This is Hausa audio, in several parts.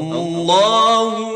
الله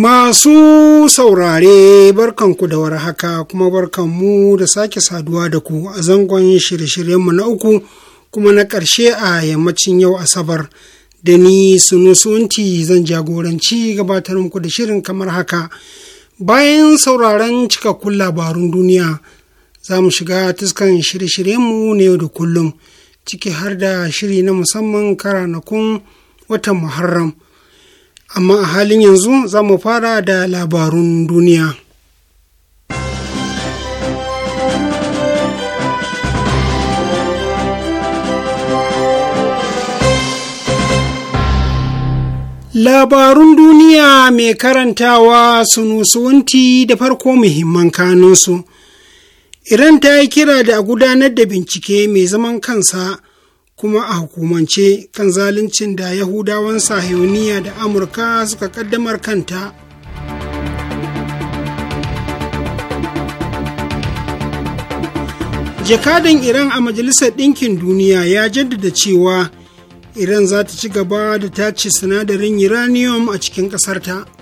Masu saurare barkanku da warhaka kuma barkanmu da sake saduwa da ku a zangon shirye-shiryenmu na uku kuma na ƙarshe a yammacin yau Asabar. Da ni Sunti zan jagoranci gabatar muku da shirin kamar haka. Bayan sauraron cikakkun labarun duniya za mu shiga tuskan shirye-shiryenmu na yau da kullum, ciki har da shiri na musamman karanakun watan Muharram. amma a halin yanzu za mu fara da labarun duniya. Labarun duniya mai karantawa sunusuwanti da farko muhimman kanunsu. Iran ta yi kira da a gudanar da bincike mai zaman kansa kuma a hukumance kan zaluncin da yahudawan sahiyoniya da amurka suka kaddamar kanta jakadan iran a majalisar ɗinkin duniya ya jaddada cewa iran za ta ci gaba da tace sinadarin uranium a cikin ƙasarta.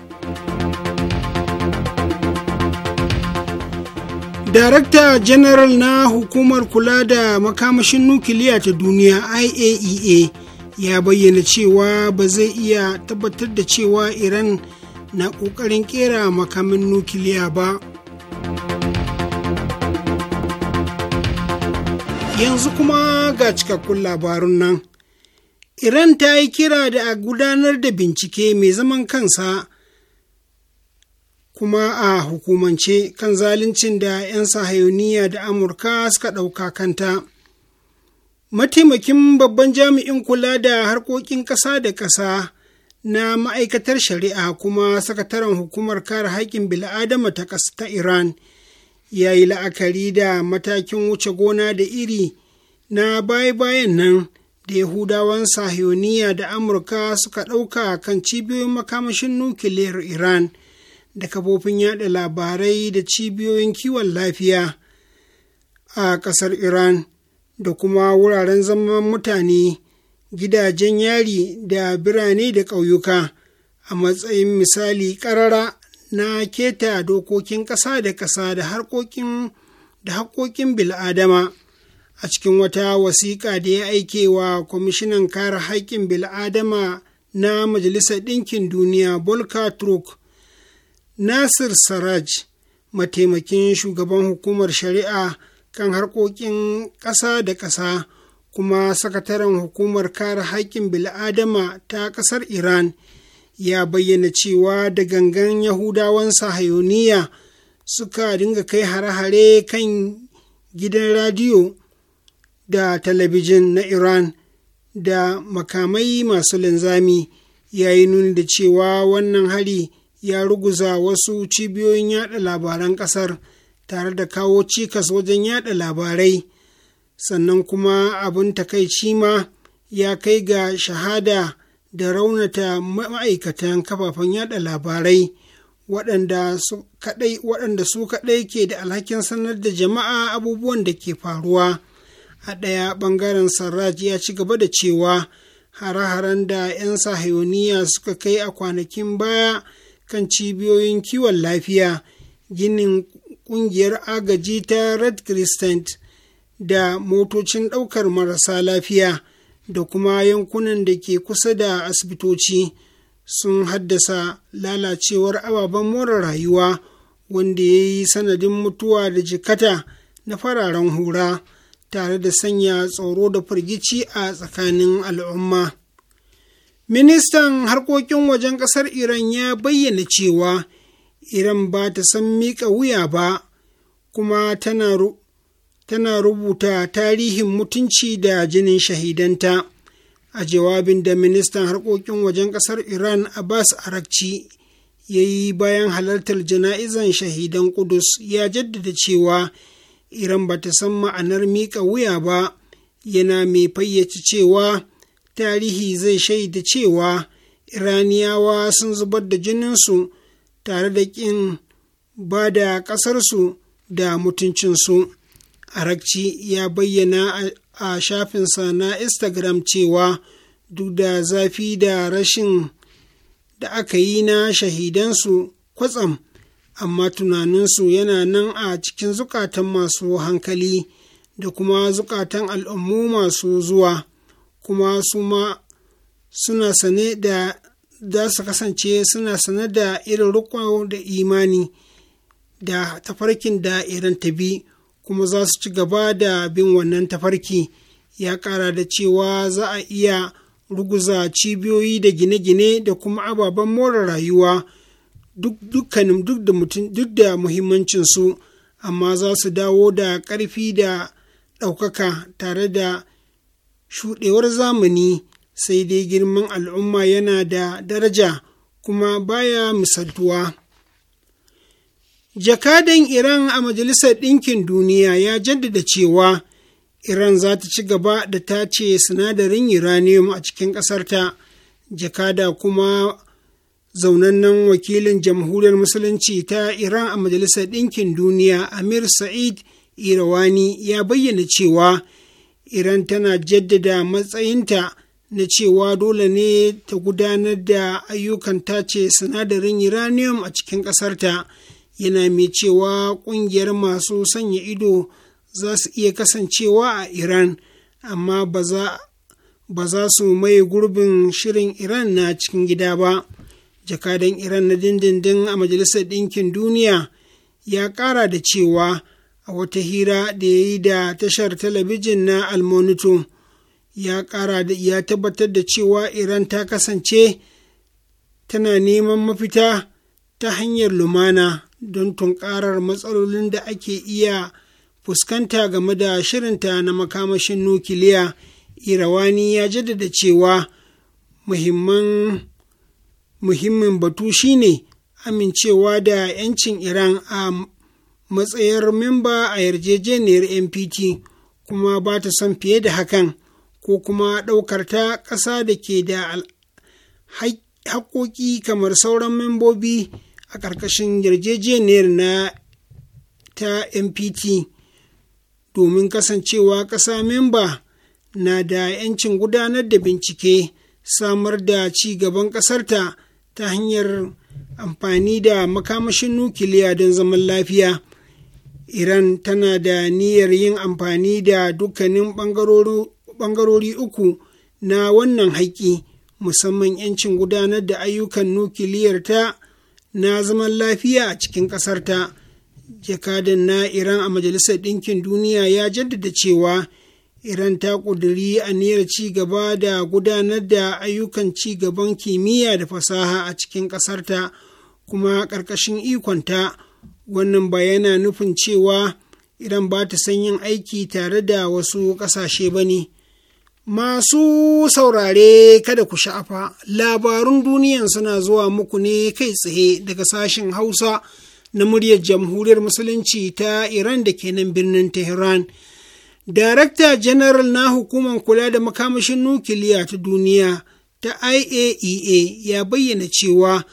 Darakta General na Hukumar Kula da Makamashin Nukiliya ta Duniya IAEA e ya bayyana cewa ba zai iya tabbatar da cewa Iran na ƙoƙarin ƙera makamin nukiliya ba. Yanzu kuma ga cikakkun labarun nan. Iran ta yi kira da a gudanar da bincike mai zaman kansa. kuma a hukumance kan zaluncin da 'yan sahayoniya da amurka suka ɗauka kanta mataimakin babban jami'in kula da harkokin ƙasa da ƙasa na ma'aikatar shari'a kuma sakataren hukumar kare haƙƙin bil'adama ta ƙasa ta iran ya yi la'akari da matakin wuce gona da iri na baya-bayan nan da yahudawan sahiyoniya da amurka suka ɗauka kan cibiyoyin makamashin nukiliyar iran da kafofin yada labarai da cibiyoyin kiwon lafiya a ƙasar iran da kuma wuraren zaman mutane gidajen yari da birane da ƙauyuka a matsayin misali ƙarara na keta dokokin ƙasa da ƙasa da harkokin da haƙoƙin bil'adama a cikin wata wasiƙa da ya aike wa kwamishinan kare haƙƙin bil'adama na majalisar ɗinkin duniya volker truk nasir saraj mataimakin shugaban hukumar shari'a kan harkokin ƙasa da ƙasa kuma sakataren hukumar kare haƙƙin bil'adama ta ƙasar iran ya bayyana cewa da gangan yahudawan sahayoniya suka dinga kai hare-hare kan gidan radiyo da talabijin na iran da makamai masu linzami ya yi nuni da cewa wannan hari ya ruguza wasu cibiyoyin yada labaran ƙasar tare da kawo cikas wajen yada labarai sannan kuma abin takaici ma ya kai ga shahada da raunata ma'aikatan kafafen yada labarai waɗanda su kaɗai ke da alhakin sanar da jama'a abubuwan da ke faruwa a ɗaya ɓangaren sarraj ya ci gaba da cewa hare-haren da 'yan sahayoniya suka kai a kwanakin baya kan cibiyoyin kiwon lafiya ginin ƙungiyar agaji ta red crescent da motocin ɗaukar marasa lafiya da kuma yankunan da ke kusa da asibitoci sun haddasa lalacewar ababen more rayuwa wanda ya yi sanadin mutuwa da jikata na fararen hura tare da sanya tsoro da firgici a tsakanin al'umma ministan harkokin wajen ƙasar iran ya bayyana cewa iran ba ta san miƙa wuya ba kuma tana, rubuta tarihin mutunci da jinin shahidanta a jawabin da ministan harkokin wajen ƙasar iran abbas arakci ya yi bayan halartar jana'izan shahidan kudus ya jaddada cewa iran ba ta san ma'anar miƙa wuya ba yana mai fayyace cewa tarihi zai shaida cewa iraniyawa sun zubar da jininsu tare da ƙin ba da ƙasarsu da mutuncinsu arakci ya bayyana a shafinsa na instagram cewa duk da zafi da rashin da aka yi na shahidansu kwatsam amma tunaninsu yana nan a cikin zukatan masu hankali da kuma zukatan al'ummu masu zuwa kuma su ma suna sane da za su kasance suna sane da irin rukon da imani da tafarkin da irin ta bi kuma za su ci gaba da bin wannan tafarki ya ƙara da cewa za a iya ruguza cibiyoyi da gine-gine da kuma ababen more rayuwa dukkanin duk da mutum duk da muhimmancinsu amma za su dawo da ƙarfi da ɗaukaka tare da shuɗewar zamani sai dai girman al'umma yana da daraja kuma baya misaltuwa. Jakadan Iran a Majalisar Ɗinkin Duniya ya jaddada cewa Iran za ta ci gaba da tace sinadarin uranium a cikin ƙasarta, jakada kuma zaunannen wakilin jamhuriyar musulunci ta Iran a Majalisar Ɗinkin Duniya Amir Sa'id Irawani ya bayyana cewa iran tana jaddada matsayinta na cewa dole ne ta gudanar da ayyukan tace sinadarin uranium a cikin ƙasarta yana mai cewa ƙungiyar masu sanya ido za su iya kasancewa a iran amma ba za su mai gurbin shirin iran na cikin gida ba jakadan iran na dindindin a majalisar ɗinkin duniya ya ƙara da cewa a wata hira da ya yi da tashar talabijin na almonito ya kara da ya tabbatar da cewa iran ta kasance tana neman mafita ta hanyar lumana don tunkarar matsalolin da ake iya fuskanta game da shirinta na makamashin nukiliya irawani ya jaddada cewa muhimmin batu shine amincewa da 'yancin iran a matsayar memba a yarjejeniyar npt kuma ba ta son fiye da hakan ko kuma ɗaukar ta ƙasa da ke da haƙoƙi kamar sauran membobi a ƙarƙashin yarjejeniyar na ta npt domin kasancewa ƙasa memba na da 'yancin gudanar da bincike samar da ci gaban ƙasarta ta hanyar amfani da makamashin nukiliya don zaman lafiya iran tana da niyyar yin amfani da dukkanin ɓangarori uku na wannan haƙƙi musamman 'yancin gudanar da ayyukan nukiliyarta na zaman lafiya a cikin ƙasarta jakadan na iran a majalisar ɗinkin duniya ya jaddada cewa iran ta ƙuduri aniyar ci gaba da gudanar da ayyukan ci gaban kimiyya da fasaha a cikin ƙasarta kuma ƙarƙashin ikonta wannan ba yana nufin cewa iran ba ta san yin aiki tare da wasu ƙasashe ba ne masu saurare kada ku sha'afa labarun duniyan suna zuwa muku ne kai tsaye daga sashen hausa na muryar jamhuriyar musulunci ta iran da kenan birnin tehran Darakta Janaral na Hukumar Kula da Makamashin Nukiliya ta Duniya ta IAEA e ya bayyana cewa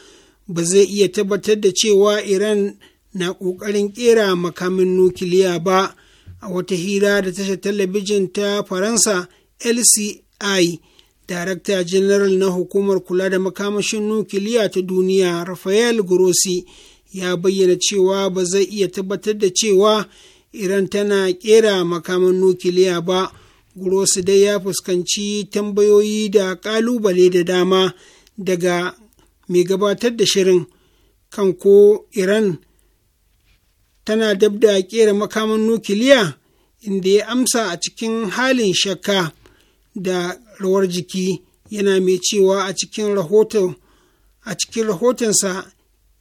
ba zai iya tabbatar da cewa Iran na ƙoƙarin ƙera makamin nukiliya ba a wata hira da tashar talabijin ta faransa lci darakta jeneral na hukumar kula da makamashin nukiliya ta duniya rafael grossi ya bayyana cewa ba zai iya tabbatar da cewa iran tana ƙera makamin nukiliya ba grossi dai ya fuskanci tambayoyi da ƙalubale da dama daga mai gabatar da shirin kan ko iran tana dab da ƙera makaman nukiliya inda ya amsa a cikin halin shakka da rawar jiki yana mai cewa a cikin rahoton a cikin rahotonsa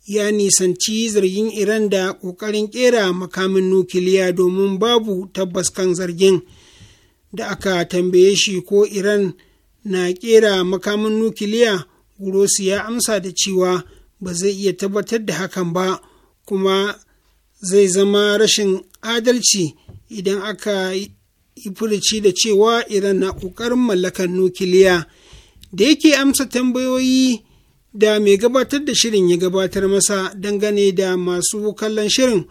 ya nisanci zargin iran da ƙoƙarin ƙera makamin nukiliya domin babu tabbas kan zargin da aka tambaye shi ko iran na ƙera makamin nukiliya Gurosi ya amsa da cewa ba zai iya tabbatar da hakan ba kuma zai zama rashin adalci idan aka yi furuci da cewa iran na ƙoƙarin mallakar nukiliya da yake amsa tambayoyi da mai gabatar da shirin ya gabatar masa dangane da masu kallon shirin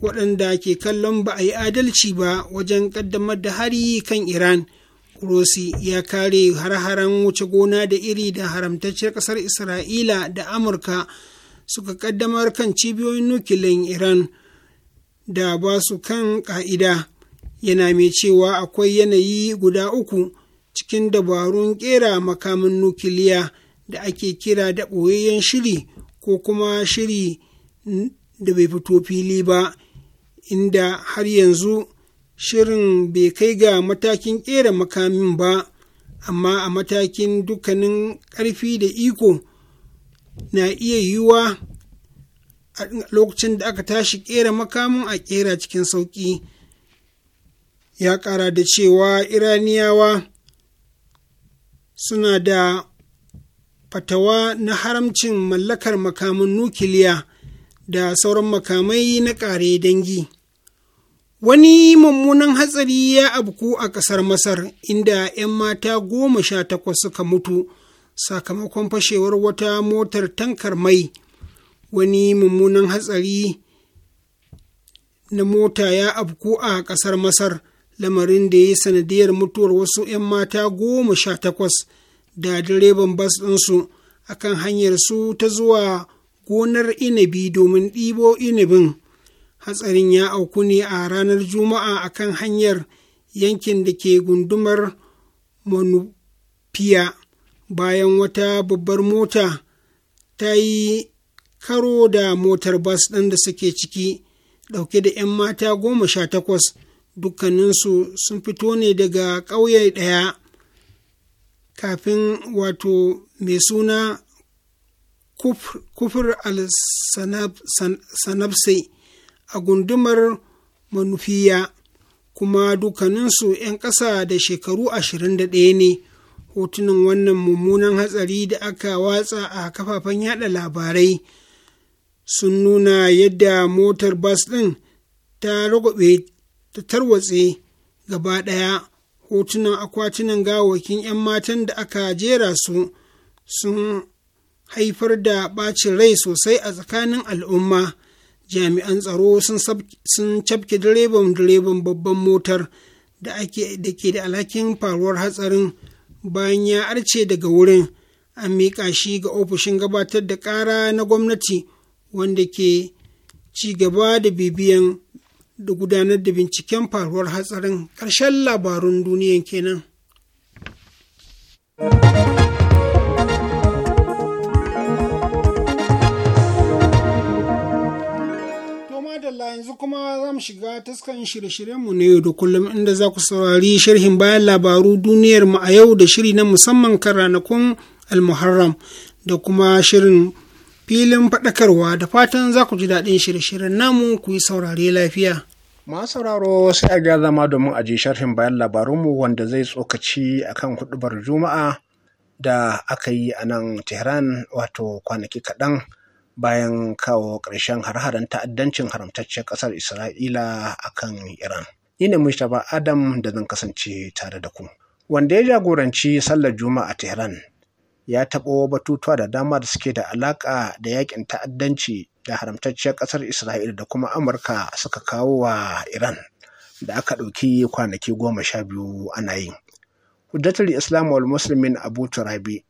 waɗanda ke kallon ba a yi adalci ba wajen ƙaddamar da hari kan iran Rossi ya kare har-haren wuce gona da iri da haramtacciyar ƙasar Isra'ila da Amurka suka ƙaddamar kan cibiyoyin nukiliyan Iran da ba su kan ƙa'ida yana mai cewa akwai yanayi guda uku cikin dabarun ƙera makamin nukiliya da ake kira da ɓoyayyen shiri ko kuma shiri da bai fito fili ba inda har yanzu shirin bai kai ga matakin ƙera makamin ba amma a matakin dukkanin ƙarfi da iko na iya yiwuwa a lokacin da aka tashi kera makamin a kera cikin sauƙi ya ƙara da cewa iraniyawa suna da fatawa na haramcin mallakar makamin nukiliya da sauran makamai na ƙare dangi wani mummunan hatsari ya abku a ƙasar masar inda 'yan mata goma sha takwas suka mutu sakamakon fashewar wata motar tankar mai wani mummunan hatsari na mota ya afku a ƙasar masar lamarin da ya yi sanadiyar mutuwar wasu 'yan mata goma sha takwas da direban bas ɗinsu akan hanyar su ta zuwa gonar inabi domin ɗibo inabin hatsarin ya auku ne a ranar juma'a akan hanyar yankin da ke gundumar manufiya bayan wata babbar mota ta yi karo da motar bas ɗin da suke ciki ɗauke da 'yan mata goma sha takwas dukkaninsu sun fito ne daga ƙauye ɗaya kafin wato mai suna kufur al-sanabsai a gundumar manufiya kuma dukkaninsu 'yan ƙasa da shekaru ashirin da ɗaya ne hotunan wannan mummunan hatsari da aka watsa a kafafen yada labarai sun nuna yadda motar bas ɗin ta ragwabe ta tarwatse gaba ɗaya hotunan akwatunan gawakin 'yan matan da aka jera su sun haifar da ɓacin rai sosai a tsakanin al'umma jami'an tsaro sun cafke direban direban babban motar da ke da alhakin faruwar hatsarin bayan ya arce daga wurin an miƙa shi ga ofishin gabatar da ƙara na gwamnati wanda ke ci gaba da bibiyan da gudanar da binciken faruwar hatsarin ƙarshen labarun duniyan kenan. yanzu kuma za mu shiga taskan shirye-shiryenmu na yau da kullum inda za ku saurari sharhin bayan labaru duniyar mu a yau da shiri na musamman kan ranakun almuharram da kuma shirin filin faɗakarwa da fatan za ku ji daɗin shirye-shiryen namu ku yi saurare lafiya. Masu sauraro sai a ga zama domin a je sharhin bayan labarunmu wanda zai tsokaci akan huɗubar Juma'a da aka yi a nan Tehran wato kwanaki kaɗan bayan kawo ƙarshen har-haren ta'addancin haramtaccen ƙasar Isra'ila a kan Iran. Ni ne Mustapha Adam da zan kasance tare da ku. Wanda ya jagoranci sallar Juma'a a Tehran ya taɓo batutuwa da dama da suke da alaƙa da yakin ta'addanci da haramtacciyar ƙasar isra'ila da kuma amurka suka kawo wa iran da aka ɗauki kwanaki goma sha biyu ana yi hujjatar islam wal muslimin abu turabi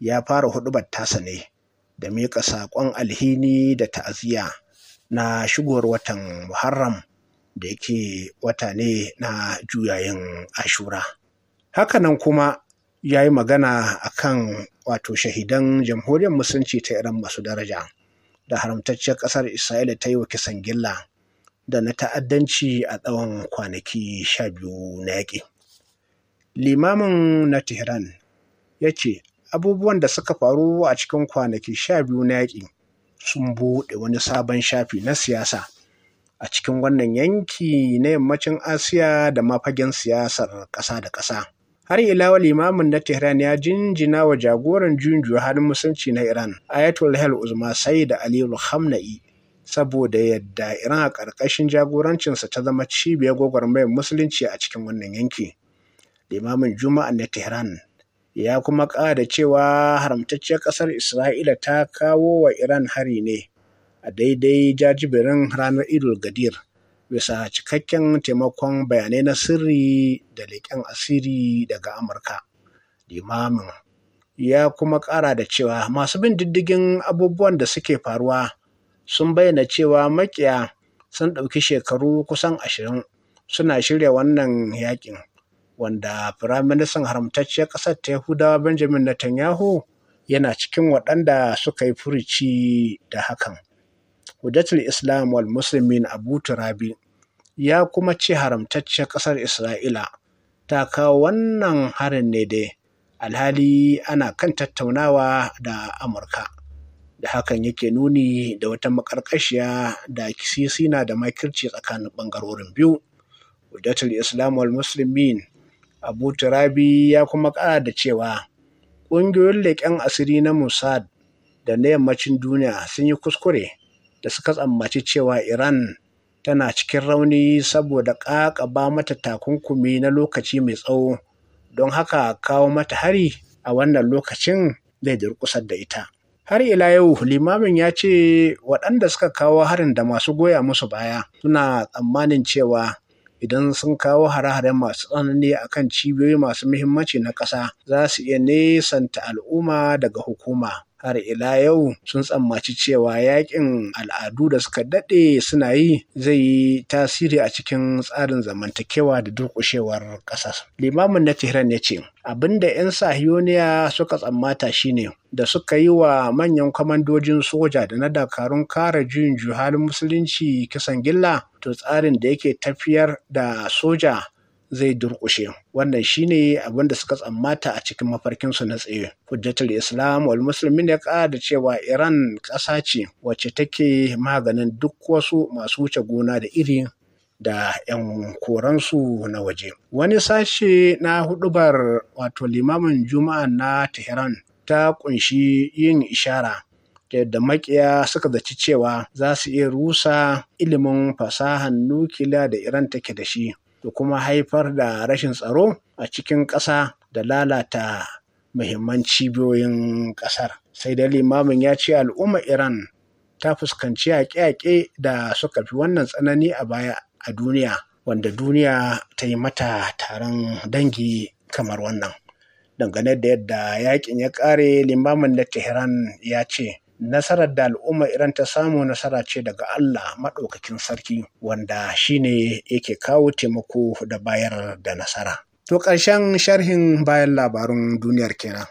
ya fara hudubar tasa ne da miƙa saƙon alhini da ta'aziyya na shigowar watan muharram da yake wata ne na juyayin ashura hakanan kuma ya yi magana a kan wato shahidan jamhuriyar musulunci ta iran masu daraja da haramtacciyar ƙasar isra'ila ta yi wa kisan gilla da na ta'addanci a tsawon kwanaki sha biyu na yaƙi limamin na tehran ya ce abubuwan da suka faru a cikin kwanaki sha biyu na yaƙi sun buɗe wani sabon shafi na siyasa a cikin wannan yanki na yammacin asiya da mafagen siyasar ƙasa da ƙasa Har ilawa limamin na Tehran ya jinjina wa jagoran juyin juya halin musulunci na Iran, Ayatollah Uzma Sayyid Ali Khamenei, saboda yadda Iran a ƙarƙashin jagorancinsa ta zama cibiyar gwagwarmayar musulunci a cikin wannan yanki. Limamin Juma'a na Tehran ya kuma ƙada cewa haramtacciyar ƙasar Isra'ila ta kawo wa Iran hari ne a daidai jajibirin ranar Idul Gadir. bisa cikakken taimakon bayanai na sirri da leƙen asiri daga amurka limamin ya kuma ƙara da cewa masu bin diddigin abubuwan da suke faruwa sun bayyana cewa makiya sun ɗauki shekaru kusan ashirin suna shirya wannan yaƙin. wanda firaministan haramtacciyar ƙasar ta yahudawa benjamin netanyahu yana cikin waɗanda suka yi furici da hakan Hujjatul Islam wal Muslimin Abu Turabi ya kuma ce haramtacciyar ƙasar Isra'ila ta kawo wannan harin ne dai alhali ana kan tattaunawa da Amurka. Da hakan yake nuni da wata makarkashiya da sisi na da makirci tsakanin ɓangarorin biyu. Hujjatul Islam wal Muslimin Abu Turabi ya kuma kara da cewa ƙungiyoyin leƙen asiri na musad da na yammacin duniya sun yi kuskure da suka tsammaci cewa Iran tana cikin rauni saboda ƙaƙaba mata takunkumi na lokaci mai tsawo don haka kawo mata hari a wannan lokacin zai durƙusar da ita. Har ila yau limamin ya ce waɗanda suka kawo harin da masu goya musu baya suna tsammanin cewa idan sun kawo hare-hare masu tsanani a kan cibiyoyi masu muhimmanci na ƙasa za su iya nesanta al'umma daga hukuma. har ila yau sun tsammaci cewa yakin al'adu da suka daɗe suna yi zai yi tasiri a cikin tsarin zamantakewa da durƙushewar ƙasa Limamin na Tehran ya ce, abinda da 'yan sahiyoniya suka tsammata shine da suka yi wa manyan kwamandojin soja da na dakarun kare juyin juhalin musulunci kisan gilla to tsarin da yake tafiyar da soja zai durƙushe wannan shine abin da suka tsammata a cikin mafarkinsu na tsaye hujjatul islam wal muslimin ya ƙara cewa iran ƙasa ce wacce take maganin duk wasu masu wuce gona da iri da 'yan koransu na waje wani sashe na hudubar wato limamin juma'a na tehran ta kunshi yin ishara yadda makiya suka zaci cewa za su iya rusa ilimin fasahan nukiliya da Iran take da shi da kuma haifar da rashin tsaro a cikin ƙasa da lalata muhimman cibiyoyin ƙasar. Sai dai limamin ya ce al'umma Iran ta fuskanci yaƙe-yaƙe da suka fi wannan tsanani a baya a duniya, wanda duniya ta yi mata taron dangi kamar wannan. Dangane da yadda yaƙin ya ƙare limamin na Tehran ya ce, nasarar da al'umma irin ta samu nasara ce daga Allah maɗaukakin sarki wanda shi ne yake kawo taimako da bayar da nasara. To ƙarshen sharhin bayan labarun duniyar kenan.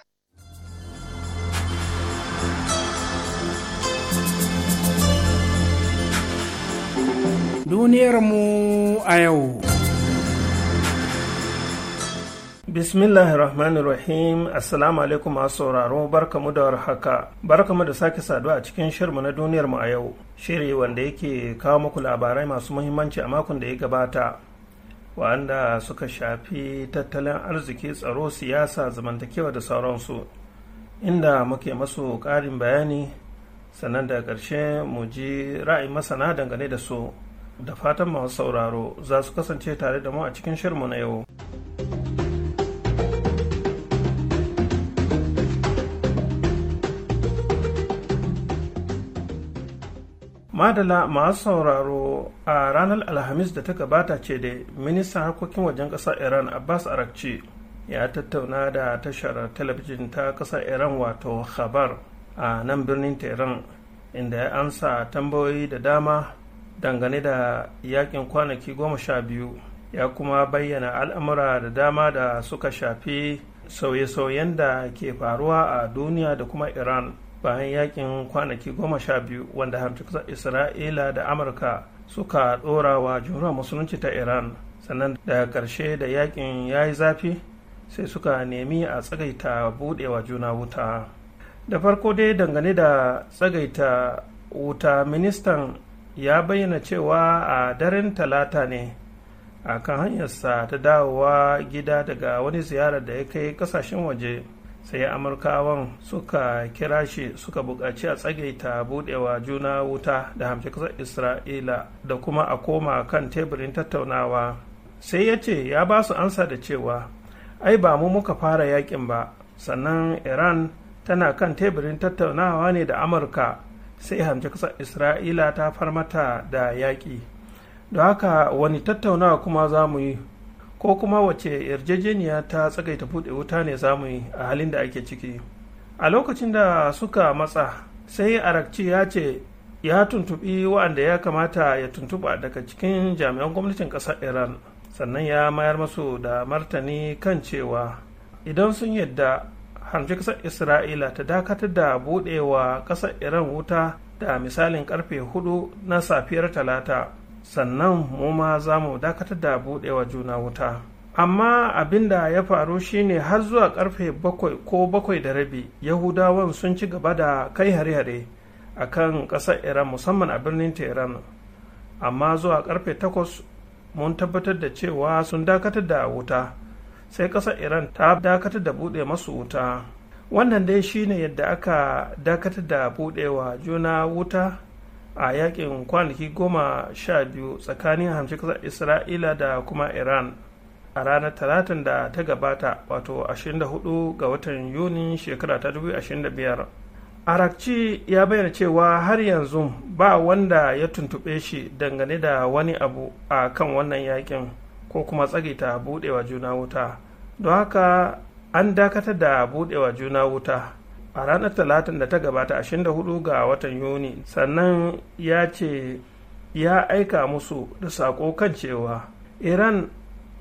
Duniyarmu a yau. Bismillahir Rahmanir Rahim Assalamu alaikum masu sauraro barkamu da warhaka mu da sake saduwa a cikin shirmu na duniyar mu a yau shiri wanda yake kawo muku labarai masu muhimmanci a makon da ya gabata wanda suka shafi tattalin arziki tsaro siyasa zamantakewa da sauransu inda muke masu ƙarin bayani sannan da ƙarshe mu ji ra'ayin masana dangane da su da fatan masu sauraro za su kasance tare da mu a cikin shirmu na yau. madala masu sauraro a ranar alhamis da ta gabata ce da ministan harkokin wajen ƙasar iran abbas arakci ya tattauna da tashar talabijin ta ƙasar iran wato khabar a nan birnin tehran inda ya amsa tambayoyi da dama dangane da yakin kwanaki goma sha biyu ya kuma bayyana al'amura da dama da suka shafi sauye-sauyen da ke faruwa a duniya da kuma iran bayan yakin kwanaki goma sha biyu wanda har isra'ila da amurka suka dorawa wa musulunci ta iran sannan da karshe da yakin ya yi zafi sai suka nemi a tsagaita buɗewa juna wuta da farko dai dangane da tsagaita wuta ministan ya bayyana cewa a daren talata ne a kan hanyarsa ta dawowa gida daga wani ziyarar da ya kai kasashen waje sai amurkawan suka kira shi suka buƙaci a tsagaita buɗewa juna wuta da hamshe ƙasar isra'ila da kuma a koma kan teburin tattaunawa sai ya ce ya ba su ansa da cewa ai ba mu muka fara yakin ba sannan iran tana kan teburin tattaunawa ne da amurka sai hamshe ƙasar isra'ila ta farmata da yaƙi da haka wani tattaunawa kuma za mu yi ko kuma wace yarjejeniya ta tsagaita buɗe wuta ne zamu yi a halin da ake ciki a lokacin da suka matsa sai arakci ya ce ya tuntubi wa'anda ya kamata ya tuntuba daga cikin jami'an gwamnatin ƙasar iran sannan ya mayar masu da martani kan cewa idan sun yadda harfi ƙasar isra'ila ta dakatar da buɗewa ƙasar iran wuta da misalin karfe 4 na safiyar talata sannan mu ma za mu dakatar da buɗewa juna wuta amma abin da ya faru shine har zuwa karfe bakwai ko bakwai da rabi yahudawan sun ci gaba da kai hare-hare a kan ƙasar iran musamman a birnin tehran amma zuwa karfe takwas mun tabbatar da cewa sun dakatar da wuta sai ƙasar iran ta dakatar da buɗe masu wuta wannan dai shine yadda aka dakatar da buɗewa juna wuta a yakin kwanaki goma sha biyu tsakanin hamshi kasar isra'ila da kuma iran a ranar talatin da ta gabata wato 24 ga watan yuni shekara ta 2025 arakci ya bayyana cewa har yanzu ba wanda ya tuntube shi dangane da wani abu a kan wannan yakin ko kuma ta budewa juna wuta don haka an dakatar da budewa juna wuta a ranar talatin da ta gabata 24 ga watan yuni sannan ya ce ya aika musu da saƙo kan cewa iran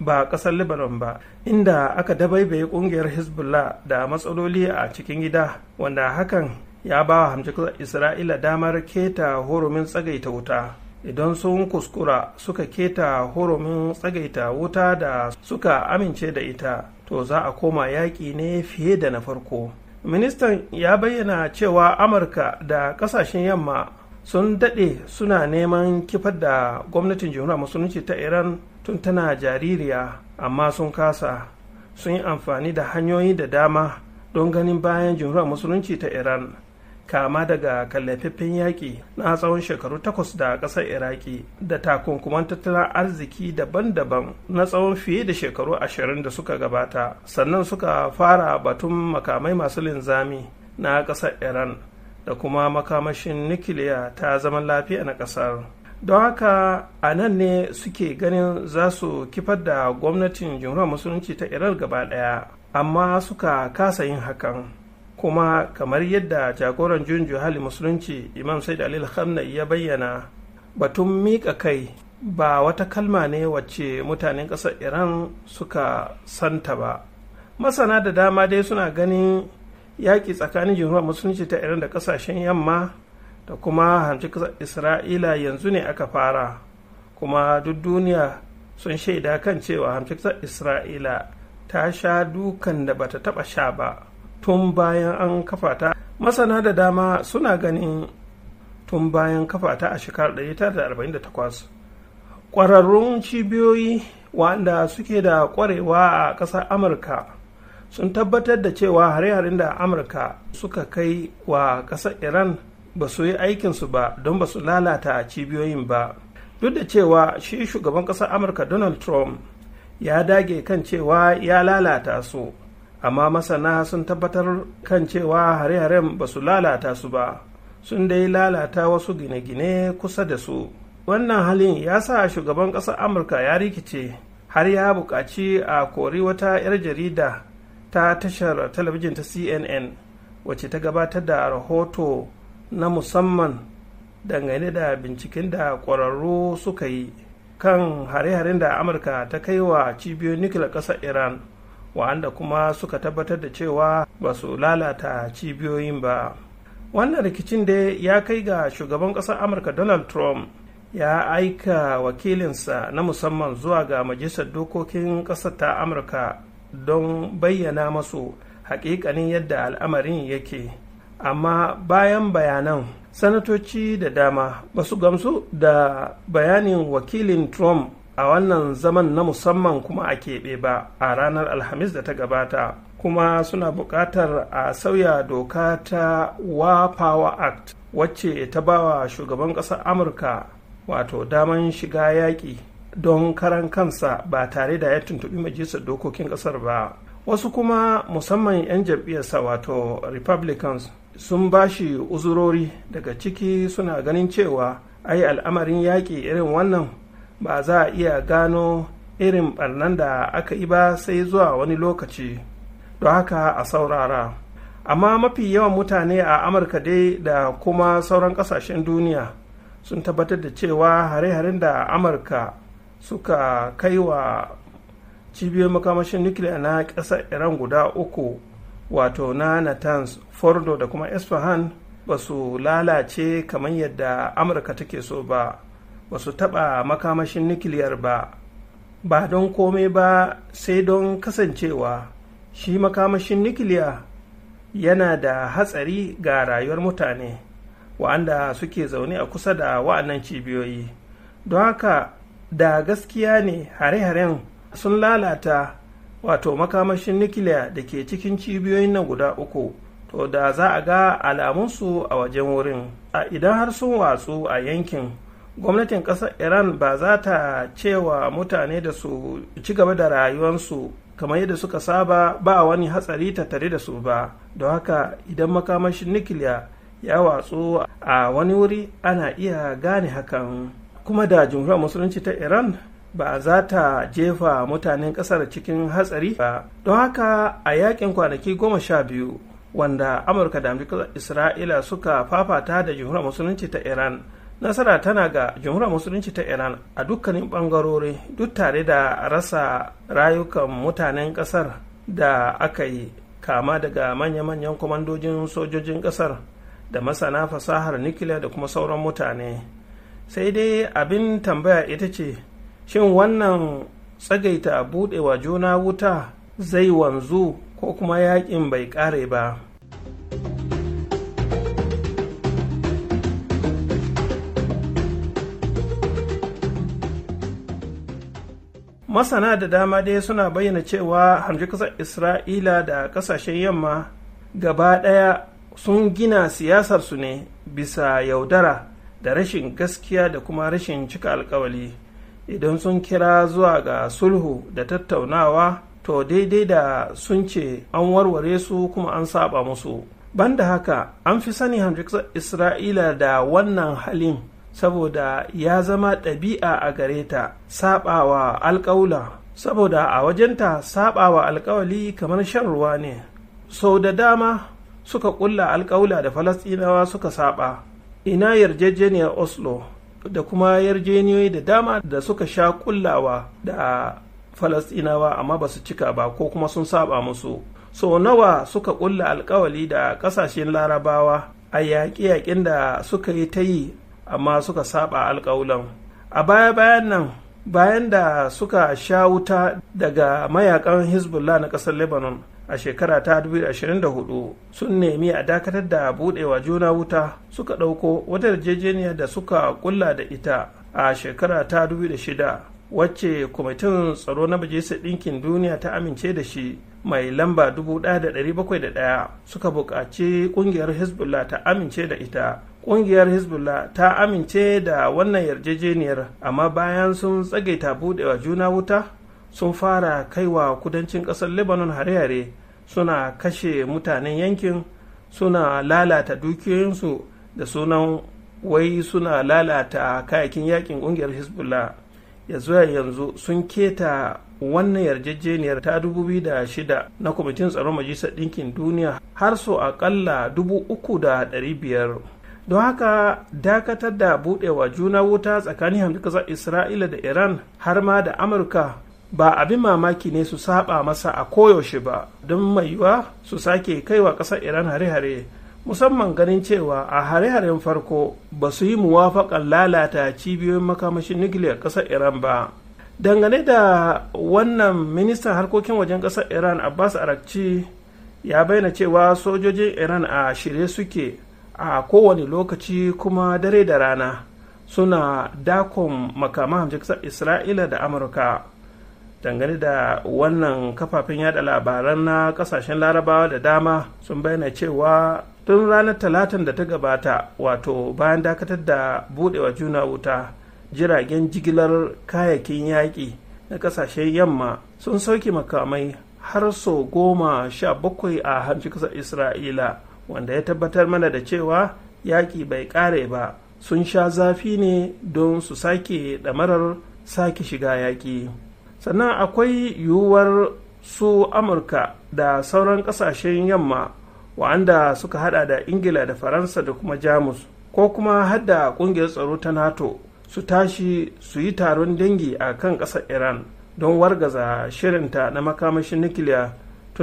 ba ƙasar libanon ba inda aka dabaibaye ƙungiyar hezbollah da matsaloli a cikin gida wanda hakan ya ba wa isra'ila damar keta horomin tsagaita wuta idan sun kuskura suka keta horomin tsagaita wuta da suka amince da ita to za a koma yaƙi ne fiye da na farko ministan ya bayyana cewa amurka da kasashen yamma sun daɗe suna neman kifar da gwamnatin jamhuriyar musulunci ta iran tun tana jaririya amma sun kasa sun yi amfani da hanyoyi da dama don ganin bayan jamhuriyar musulunci ta iran kama daga kallafaffen yaƙi na tsawon shekaru takwas da ƙasar iraki da takunkuman tattalin arziki daban-daban na tsawon fiye da shekaru ashirin da suka gabata sannan suka fara batun makamai masu linzami na ƙasar iran da kuma makamashin nukiliya ta zaman lafiya na ƙasar don haka a nan ne suke ganin za su kifar da gwamnatin jumhuriyar musulunci ta iran gaba ɗaya amma suka kasa yin hakan kuma kamar yadda jagoran junju hali musulunci imam said alil khamnai ya bayyana batun miƙa kai ba wata kalma ne wacce mutanen ƙasar iran suka santa ba masana da dama dai suna ganin yaƙi tsakanin jihar musulunci ta iran da ƙasashen yamma da kuma hamci ƙasar isra'ila yanzu ne aka fara kuma duk duniya sun shaida kan cewa hamci ƙasar isra'ila ta sha dukan da bata taɓa sha ba tun bayan an kafa ta masana da dama suna ganin tun bayan kafa ta a shekarar 1948 ƙwararrun cibiyoyi wanda suke da ƙwarewa a ƙasar amurka sun tabbatar da cewa hare-haren da amurka suka kai wa ƙasar iran ba su yi aikinsu ba don ba su lalata cibiyoyin ba duk da cewa shi shugaban ƙasar amurka donald trump ya dage kan cewa ya lalata su amma masana sun tabbatar kan cewa hare-haren ba su lalata su ba sun dai lalata wasu gine-gine kusa da su wannan halin ya sa shugaban ƙasar amurka ya rikice har ya buƙaci a kori wata 'yar jarida ta tashar talabijin ta cnn wacce ta gabatar da rahoto na musamman dangane da binciken da ƙwararru suka yi kan hare-haren da amurka ta kai wa cibiyoyin nukiliyar ƙasar iran wa'anda kuma suka tabbatar da cewa ba su lalata cibiyoyin ba wannan rikicin da ya kai ga shugaban ƙasar amurka donald trump ya aika wakilinsa na musamman zuwa ga majalisar dokokin ƙasar ta amurka don bayyana masu hakikanin yadda al'amarin yake amma bayan bayanan sanatoci da dama ba su gamsu da bayanin wakilin trump a wannan zaman na musamman kuma a keɓe ba a ranar alhamis da ta gabata kuma suna buƙatar a sauya doka ta wa power act wacce ta bawa shugaban ƙasar amurka wato daman shiga yaƙi don karan kansa ba tare da ya tuntuɓi majalisar dokokin ƙasar ba wasu kuma musamman 'yan jam'iyyarsa wato republicans sun ba shi uzurori daga ciki suna ganin cewa ai al'amarin yaƙi irin wannan ba za a iya gano irin barnan da aka yi ba sai zuwa wani lokaci don haka a saurara amma mafi yawan mutane a amurka dai da kuma sauran ƙasashen duniya sun tabbatar da cewa hare-haren da amurka suka kai wa cibiyar makamashin nukiliya na ƙasar iran guda uku wato na natanz fordo da kuma isfahan ba su lalace kamar yadda amurka take so ba ba su taɓa makamashin nukiliyar ba ba don komai ba sai don kasancewa shi makamashin nukiliya yana da hatsari ga rayuwar mutane wa'anda suke zaune a kusa da wa'annan cibiyoyi don haka da gaskiya ne hare-haren sun lalata wato makamashin nukiliya da ke cikin cibiyoyin na guda uku to da za a ga alamunsu a wajen wurin A idan har sun watsu a yankin gwamnatin ƙasar iran ba za ta cewa mutane da su ci gaba da rayuwarsu kamar yadda suka saba ba wani hatsari ta tare da su ba don haka idan makamashin nukiliya ya watsu a wani wuri ana iya gane hakan kuma da jumhuriyar musulunci ta iran ba za ta jefa mutanen kasar cikin hatsari ba don haka a yakin kwanaki goma sha biyu wanda amurka da amurka isra'ila suka fafata da jumhuriyar musulunci ta iran nasara tana ga jamhuriyar musulunci ta iran a dukkanin bangarori duk tare da rasa rayukan mutanen kasar da aka yi kama daga manya-manyan kwamandojin sojojin kasar da masana fasahar nikila da kuma sauran mutane sai dai abin tambaya ita ce shin wannan tsagaita budewa juna wuta zai wanzu ko kuma yakin bai kare ba. masana da dama dai suna bayyana cewa hamshi kasar isra'ila da kasashen yamma gaba ɗaya sun gina siyasarsu ne bisa yaudara da rashin gaskiya da kuma rashin cika alkawali idan sun kira zuwa ga sulhu da tattaunawa to daidai da sun ce an warware su kuma an saba musu banda haka an fi sani hamshi isra'ila da wannan halin saboda ya zama ɗabi'a a gare ta saɓawa alƙawula. saboda a wajenta saɓawa alƙawali kamar shan ruwa ne sau da dama suka ƙulla alƙawula da falasɗinawa suka saɓa ina yarjejeniyar oslo da kuma yarjeniyoyi da dama da suka sha ƙullawa da falasɗinawa amma ba su cika ba ko kuma sun saɓa musu so nawa suka ƙulla alƙawali da ƙasashen larabawa a yaƙe-yaƙen da suka yi ta yi amma suka saba alƙawulan a baya-bayan nan bayan da suka sha wuta daga mayakan hezbollah na ƙasar lebanon a shekara ta 2024 sun nemi a dakatar da budewa juna wuta suka ɗauko wata yarjejeniya da suka kulla da ita a shekara ta 2006 wacce kwamitin tsaro na majalisar ɗinkin duniya ta amince da shi mai lamba 1701 suka buƙaci ƙungiyar hezbollah ta amince da ita ƙungiyar hezbollah ta amince da wannan yarjejeniyar amma bayan sun tsage ta budewa juna wuta sun fara kaiwa kudancin kasar lebanon hare-hare suna kashe mutanen yankin suna lalata dukiyoyinsu da sunan wai suna lalata kayakin yakin ƙungiyar hezbollah ya zuwa yanzu sun keta wannan yarjejeniyar ta 2006 na kwamitin tsaron majalisar ɗinkin duniya har so aƙalla 3,500 don haka dakatar da budewa juna wuta tsakanin hamdukasar isra'ila da iran har ma da amurka ba abin mamaki ne su saba masa a koyaushe ba don mai su sake kaiwa ƙasar iran hare-hare musamman ganin cewa a hare-haren farko ba su yi muwafakan lalata cibiyoyin makamashin nukiliyar ƙasar iran ba dangane da wannan ministan harkokin wajen ƙasar iran abbas arakci ya bayyana cewa sojojin iran a shirye suke a kowane lokaci kuma dare da rana suna dakon makaman hamjikisar isra'ila da amurka dangane da wannan kafafen yada labaran na kasashen larabawa da dama sun bayyana cewa tun ranar talatin da ta gabata wato bayan dakatar da budewa juna wuta jiragen jigilar kayakin yaƙi na kasashen yamma sun sauke makamai har sau goma sha bakwai a hamshi kasar isra'ila wanda ya tabbatar mana da cewa yaƙi bai ƙare ba sun sha zafi ne don su sake ɗamarar sake shiga yaƙi sannan akwai yiwuwar su amurka da sauran ƙasashen yamma wa'anda suka hada da ingila da faransa da kuma jamus ko kuma hadda ƙungiyar tsaro ta nato su tashi su yi taron dangi a kan ƙasar iran don wargaza shirinta na makamashin nukiliya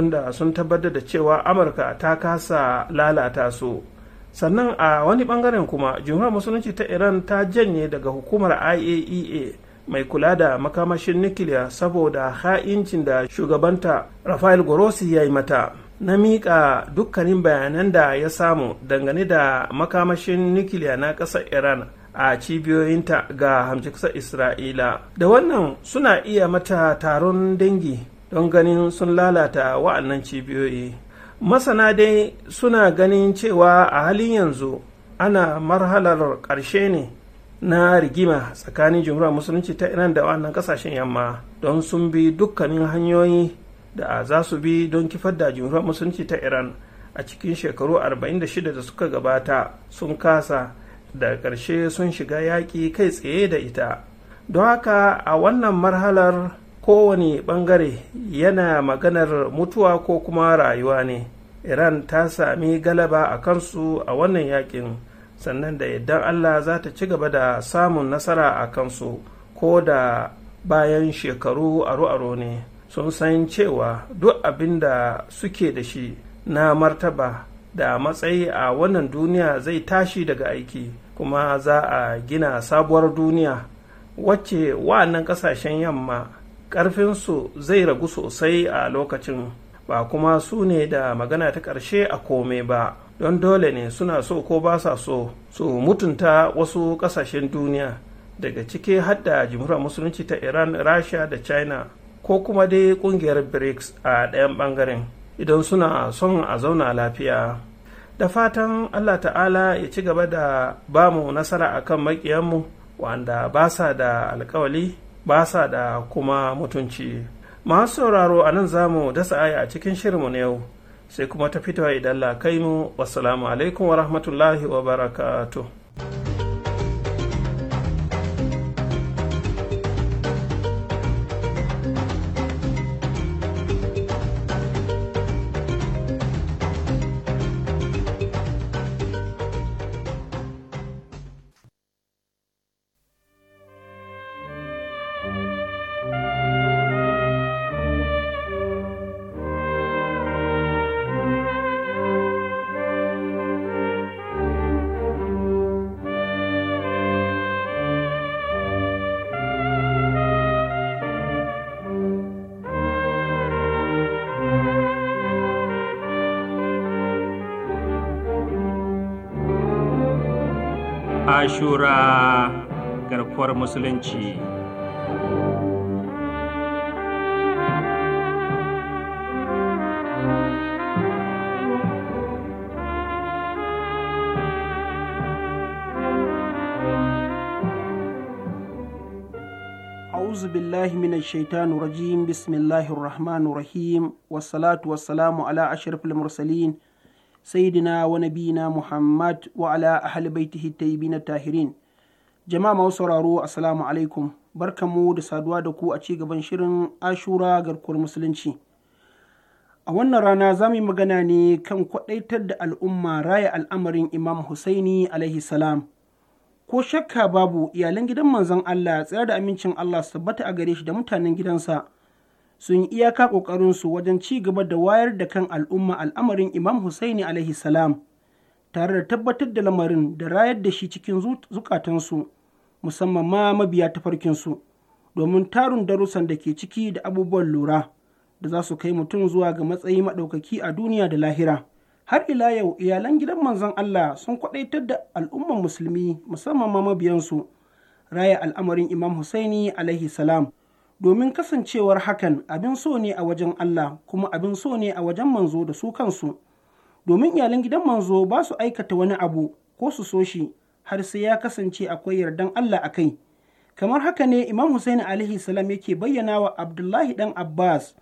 tunda sun tabbatar da cewa amurka ta kasa lalata su sannan a wani bangaren kuma jumhuriyar musulunci ta iran ta janye daga hukumar iaea e mai kula da makamashin nukiliya saboda ha'incin da shugabanta rafael gorosi ya yi mata na miƙa dukkanin bayanan da ya samu dangane da makamashin nukiliya na ƙasar iran a cibiyoyinta ga hamshi kasar isra'ila da wannan suna iya mata taron dangi don ganin sun lalata wa'annan cibiyoyi masana dai suna ganin cewa a halin yanzu ana marhalar ƙarshe ne na rigima tsakanin jumhuriyar musulunci ta iran da wannan kasashen yamma don sun bi dukkanin hanyoyi da za su bi don kifar da jumhuriyar musulunci ta iran a cikin shekaru 46 da suka gabata sun kasa da ƙarshe sun shiga yaƙi kai tsaye da ita don haka a wannan marhalar kowane bangare yana maganar mutuwa ko kuma rayuwa ne iran ta sami galaba a kansu a wannan yakin sannan da idan allah za ta ci gaba da samun nasara a kansu ko da bayan shekaru aru aro ne sun san cewa duk abin da suke da shi na martaba da matsayi a wannan duniya zai tashi daga aiki kuma za a gina sabuwar duniya wacce wa'annan kasashen yamma ƙarfinsu zai ragu sosai a lokacin ba kuma su ne da magana ta ƙarshe a kome ba don dole ne suna so ko ba sa so su mutunta wasu ƙasashen duniya daga ciki hadda jimhuriyar musulunci ta iran rasha da china ko kuma dai ƙungiyar brics a ɗayan ɓangaren idan suna son a zauna lafiya. da fatan Allah ta'ala ya ci gaba da ba mu nasara akan maƙiyanmu wanda ba sa da alkawali ba sa da kuma mutunci masu sauraro a nan za mu dasa aya a cikin shirinmu na yau sai kuma ta fitowa idan la kai mu wasu alaikum wa rahmatullahi wa barakatuh ashura garkuwar musulunci billahi min shaitanu rajim bismillahir rahmanir rahim wassalatu wassalamu ala ashrafil mursalin سيدنا ونبينا محمد وعلى أهل بيته الطيبين الطاهرين jama'a masu sauraro assalamu alaikum mu da saduwa da ku a ci gaban shirin ashura garkuwar musulunci a wannan rana za mu yi magana ne kan kwaɗaitar da al'umma raya al'amarin imam husaini alaihi salam ko shakka babu iyalan gidan manzon allah tsayar da amincin allah su tabbata a gare shi da mutanen gidansa sun yi iyaka ƙoƙarinsu wajen ci gaba da wayar da kan al'umma al'amarin imam husaini alaihi salam tare da tabbatar da lamarin da rayar da shi cikin zukatansu musamman ma mabiya tafarkinsu domin tarun darussan da ke ciki da abubuwan lura da za su kai mutum zuwa ga matsayi maɗaukaki a duniya da lahira har ila yau iyalan gidan manzon Allah sun kwaɗaitar da al'umman musulmi musamman ma mabiyansu raya al'amarin imam Husaini alaihi salam domin kasancewar hakan abin so ne a wajen Allah kuma abin so ne a wajen manzo da su kansu domin iyalan gidan manzo ba su aikata wani abu ko su so shi har sai ya kasance akwai yardan Allah a kai kamar haka ne imam Hussein alaihi salam yake bayyana wa Abdullahi ɗan Abbas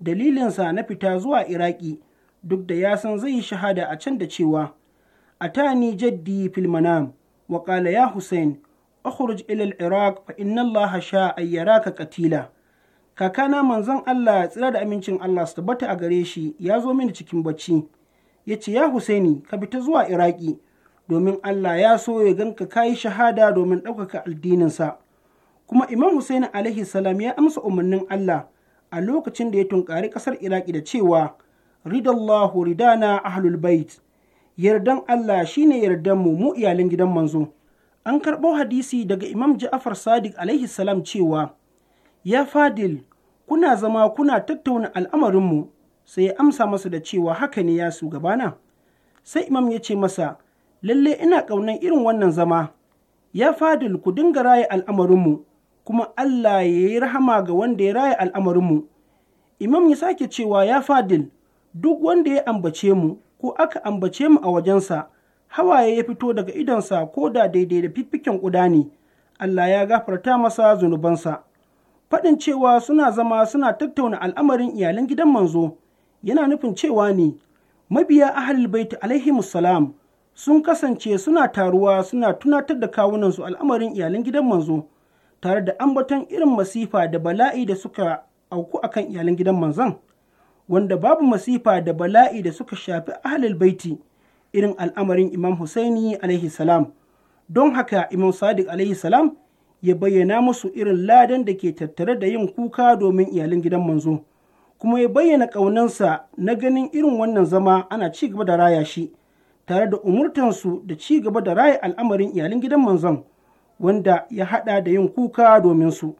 dalilinsa na fita zuwa Iraki duk da ya san zai yi shahada a can da cewa atani jaddi fil manam wa qala ya Hussein akhruj ila al-iraq fa inna Allah sha ay yaraka kakana manzon Allah tsira da amincin Allah su tabbata a gare shi ya zo mini cikin bacci ya ce ya Husaini ka fita zuwa Iraki domin Allah ya so ya ganka kayi shahada domin ɗaukaka addininsa kuma Imam Husaini alaihi salam ya amsa umarnin Allah a lokacin da ya tunkari ƙasar Iraki da cewa ridallahu ridana ahlul bait yardan Allah shine yardan mu mu iyalan gidan manzo an karɓo hadisi daga imam ja'afar sadiq alaihi salam cewa ya fadil kuna zama kuna tattauna al'amarinmu sai ya amsa masa da cewa haka ne ya shugabana sai imam ya ce masa lalle ina ƙaunar irin wannan zama ya fadil ku dinga raya al'amarinmu kuma Allah ya yi rahama ga wanda ya raya al'amarinmu imam ya sake cewa ya fadil duk wanda ya ambace mu ko aka ambace mu a wajensa hawaye ya fito daga idonsa ko da daidai da fiffiken ƙuda ne Allah ya gafarta masa zunubansa faɗin cewa suna zama suna tattauna al'amarin iyalan gidan manzo yana nufin cewa ne mabiya ahlul baiti alaihimus salam sun kasance suna taruwa suna tunatar da kawunansu al'amarin iyalan gidan manzo tare da ambaton irin masifa da bala'i da suka auku akan iyalan gidan manzon wanda babu masifa da bala'i da suka shafi ahlul baiti irin al'amarin Imam Hussaini alaihi salam. Don haka Imam Sadiq alaihi salam ya bayyana musu irin ladan da ke tattare da yin kuka domin iyalin gidan manzo. Kuma ya bayyana ƙaunansa na ganin irin wannan zama ana ci gaba da raya shi, tare da umurtansu da ci gaba da raya al'amarin iyalin gidan manzon, wanda ya haɗa da yin kuka domin su.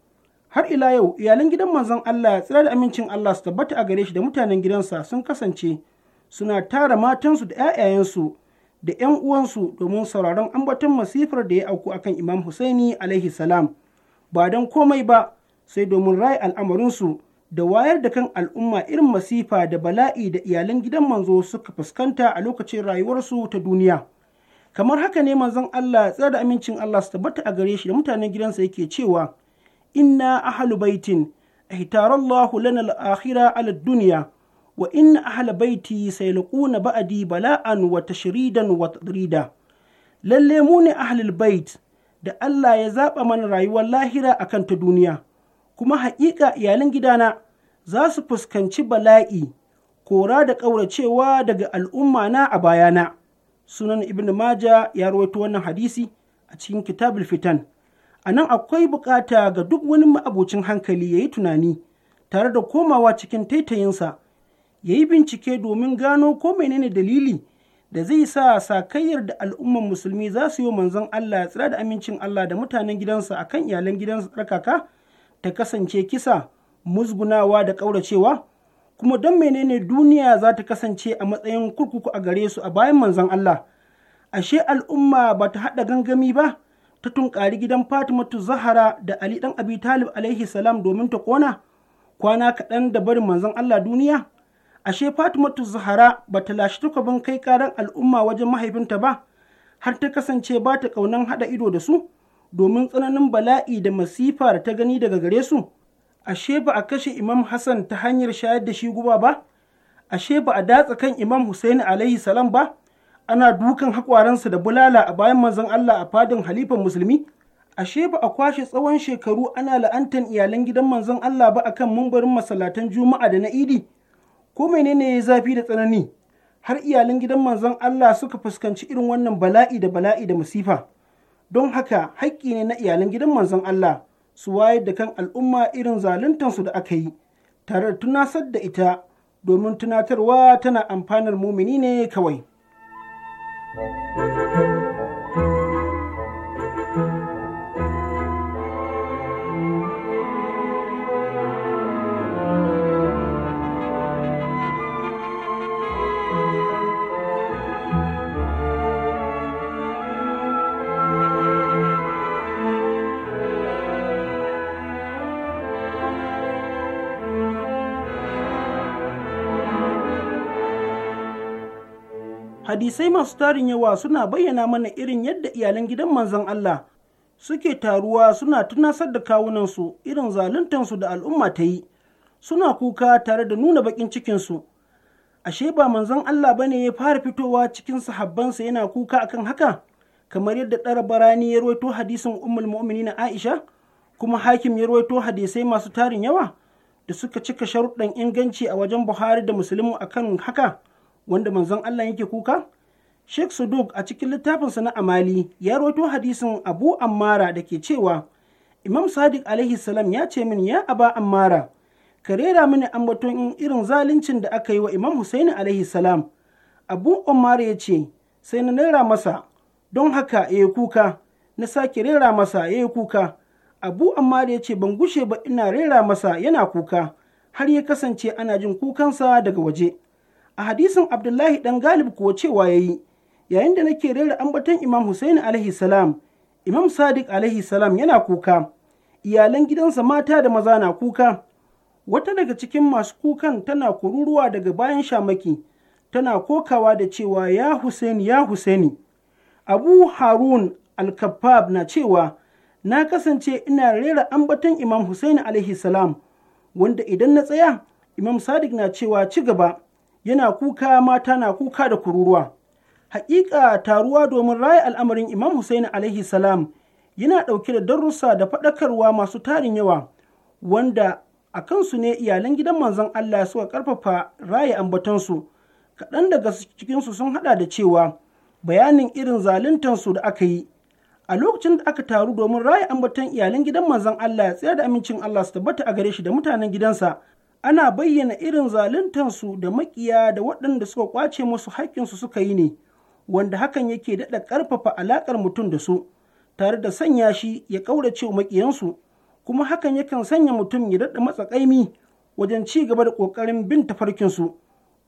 har ila yau iyalin gidan manzon Allah tsira da amincin Allah su tabbata a gare shi da mutanen gidansa sun kasance suna tara matansu da 'ya'yayensu da 'yan uwansu domin sauraron ambaton masifar da ya auku akan imam husaini alaihi salam ba don komai ba sai domin rai al'amarinsu da wayar da kan al'umma irin masifa da bala'i da iyalan gidan manzo suka fuskanta a lokacin rayuwarsu ta duniya kamar haka ne manzon Allah tsar da amincin Allah su tabbata a gare shi da mutanen gidansa yake cewa inna ahlu baitin ihtarallahu lana al-akhirah ala dunya wa inna ahla baiti sayalquna ba'di bala'an wa tashridan wa tadrida lalle mu ne ahlul bait da Allah ya zaba mana rayuwar lahira akan ta duniya kuma haƙiƙa iyalin gidana za su fuskanci bala'i kora da ƙauracewa daga al'umma na a bayana sunan ibn maja ya rawaito wannan hadisi a cikin kitabul fitan anan akwai bukata ga duk wani ma'abucin hankali yayi tunani tare da komawa cikin taitayinsa ya yi bincike domin gano ko menene dalili da zai sa sakayyar da al'ummar musulmi za su yi manzon Allah ya tsira da amincin Allah da mutanen gidansa akan iyalan gidansa tsarkaka ta kasance kisa musgunawa da ƙauracewa kuma don menene duniya za ta kasance a matsayin kurkuku a gare su a bayan manzon Allah ashe al'umma ba ta haɗa gangami ba ta tunƙari gidan Fatimatu Zahara da Ali ɗan Abi Talib alaihi salam domin ta kona kwana kaɗan da barin manzon Allah duniya ashe Fatimatu Zahara ba ta lashe takwabin kai karan al'umma wajen mahaifinta ba har ta kasance ba ta ƙaunan haɗa ido da su domin tsananin bala'i da masifa da ta gani daga gare su ashe ba a kashe Imam Hassan ta hanyar shayar da shi guba ba ashe ba a datsa kan Imam Hussein alaihi salam ba ana dukan haƙwaransa da bulala a bayan manzon Allah a fadin halifan musulmi ashe ba a kwashe tsawon shekaru ana la'antar iyalan gidan manzon Allah ba akan mumbarin masallatan juma'a da na idi ko menene ya zafi da tsanani har iyalan gidan manzon Allah suka fuskanci irin wannan bala'i da bala'i da masifa? don haka haƙƙi ne na iyalin gidan manzon Allah su wayar da kan al'umma irin zaluntansu da aka yi tare da tunasar da ita domin tunatarwa tana amfanar mumini ne kawai. hadisai masu tarin yawa suna bayyana mana irin yadda iyalan gidan manzon Allah suke taruwa suna tunasar da kawunansu irin zaluntansu da al'umma ta yi suna kuka tare da nuna bakin cikinsu ashe ba manzon Allah ba ne ya fara fitowa cikin sahabbansa yana kuka akan haka kamar yadda ɗara barani ya rawaito hadisin ummul mu'minin Aisha kuma hakim ya rawaito hadisai masu tarin yawa da suka cika sharuɗan inganci a wajen Buhari da Muslimu akan haka wanda manzon Allah yake kuka? Sheikh Suduk a cikin littafinsa na Amali ya roto hadisin Abu Ammara da ke cewa Imam Sadiq alaihi salam ya ce min ya aba Ammara ka rera mini ambaton irin zaluncin da aka yi wa Imam Husaini alaihi salam. Abu Ammara ya ce sai na rera masa don haka ya eh, yi kuka na sake rera masa ya eh, yi kuka. Abu Ammara ya ce ban gushe ba ina rera masa yana kuka har ya kasance ana jin kukansa daga waje. a hadisin abdullahi dan galib kuwa cewa ya yi yayin da nake rera ambaton imam husaini alaihi salam imam sadiq alaihi salam yana kuka iyalan gidansa mata da maza na kuka wata daga cikin masu kukan tana kururuwa daga bayan shamaki tana kokawa da cewa ya husaini ya husaini abu harun alkafab na cewa na kasance ina rera ambaton imam husaini alaihi salam wanda idan na tsaya imam sadiq na cewa ci gaba yana kuka mata na kuka da kururuwa haƙiƙa taruwa domin raya al'amarin imam Hussein alaihi salam yana ɗauke da darussa da faɗakarwa masu tarin yawa wanda a kansu ne iyalan gidan manzon Allah suka ƙarfafa raya ambatansu kaɗan daga cikinsu sun haɗa da cewa bayanin irin zaluntansu da aka yi a lokacin da aka taru domin raya ambatan iyalan gidan manzon Allah ya tsaya da amincin Allah su tabbata a gare shi da mutanen gidansa ana bayyana irin zaluntansu da makiya da waɗanda suka ƙwace musu haƙƙinsu suka yi ne wanda hakan yake daɗa ƙarfafa alaƙar mutum da su tare da sanya shi ya ƙaurace maƙiyansu kuma hakan yakan sanya mutum ya daɗa matsa ƙaimi wajen ci gaba da ƙoƙarin bin tafarkinsu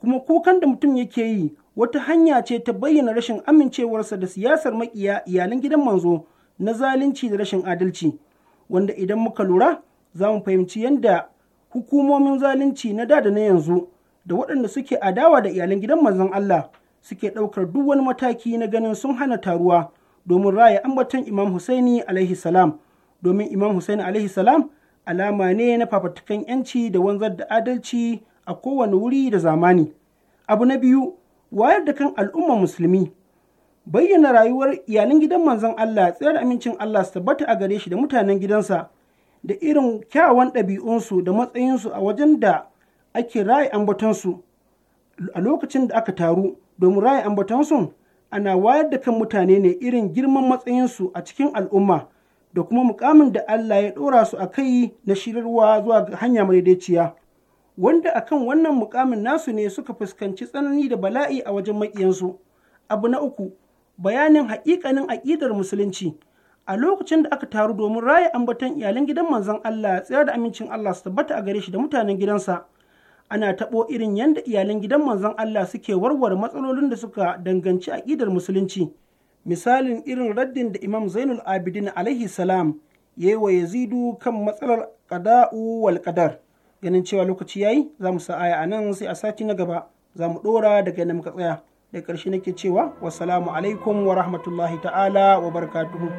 kuma kukan da mutum yake yi wata hanya ce ta bayyana rashin amincewarsa da siyasar maƙiya iyalan gidan manzo na zalunci da rashin adalci wanda idan muka lura za mu fahimci yadda hukumomin zalunci na da da na yanzu da waɗanda suke adawa da iyalan gidan manzon Allah suke ɗaukar duk wani mataki na ganin sun hana taruwa domin raya ambaton Imam Husaini alaihi salam domin Imam Husaini alaihi salam alama ne na fafatukan yanci da wanzar da adalci a kowane wuri da zamani. Abu na biyu wayar da kan al'umma musulmi bayyana rayuwar iyalan gidan manzon Allah tsayar amincin Allah su tabbata a gare shi da mutanen gidansa da irin kyawawan ɗabi'unsu da matsayinsu a wajen da ake raye ambatonsu a lokacin da aka taru domin raye ambatonsu ana wayar da kan mutane ne irin girman matsayinsu a cikin al'umma da kuma mukamin da Allah ya ɗora su a kai na shirarwa zuwa ga hanya madaidaiciya wanda akan wannan mukamin nasu ne suka fuskanci tsanani da bala'i a wajen maƙiyansu abu na uku bayanin haƙiƙanin aƙidar musulunci a lokacin da aka taru domin raya ambaton iyalan gidan manzon Allah tsaya da amincin Allah su tabbata a gare shi da mutanen gidansa ana taɓo irin yanda iyalan gidan manzon Allah suke warware matsalolin da suka danganci aƙidar musulunci misalin irin raddin da Imam Zainul Abidin alaihi salam ya wa Yazidu kan matsalar qada'u wal qadar ganin cewa lokaci yayi za mu sa aya anan sai a sati na gaba za mu ɗora daga nan muka tsaya da ƙarshe nake cewa wasalamu alaikum wa rahmatullahi ta'ala wa barakatuhu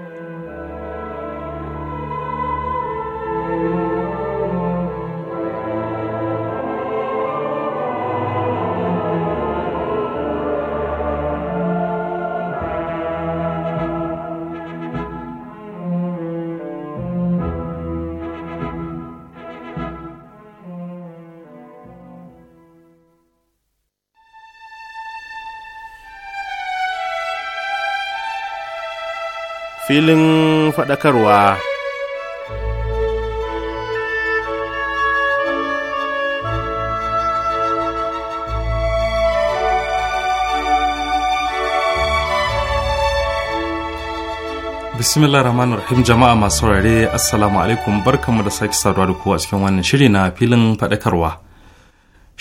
filin faɗakarwa. bismillah rahman rahim jama'a masu rare assalamu alaikum barkamu da sake saduwa da kowa cikin wannan shiri na filin faɗakarwa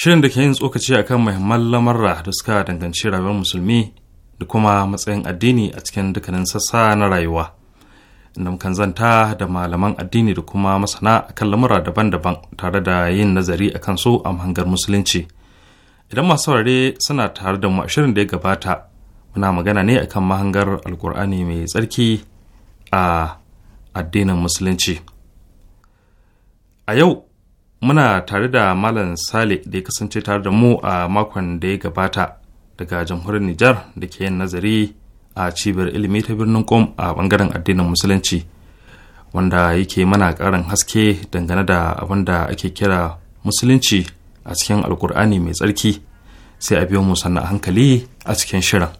shirin da ke yin tsokaci akan muhimman lamarra da suka danganci rayuwar musulmi da kuma matsayin addini a cikin dukkanin sassa na rayuwa inda mukan zanta da malaman addini da kuma masana kan lamura daban-daban tare da yin nazari a kansu a mahangar musulunci idan masu saurare suna tare da mu a shirin da ya gabata muna magana ne akan mahangar alkur'ani mai tsarki a addinin musulunci a yau muna tare da malam sale da ya kasance tare da mu a makon da ya gabata daga jamhuriyar Nijar da ke yin nazari a cibiyar ilimi ta birnin kom a bangaren addinin Musulunci wanda yake mana karin haske dangane da abin da ake kira Musulunci a cikin Alkur'ani mai tsarki sai a biyo mu sannan hankali a cikin shirin.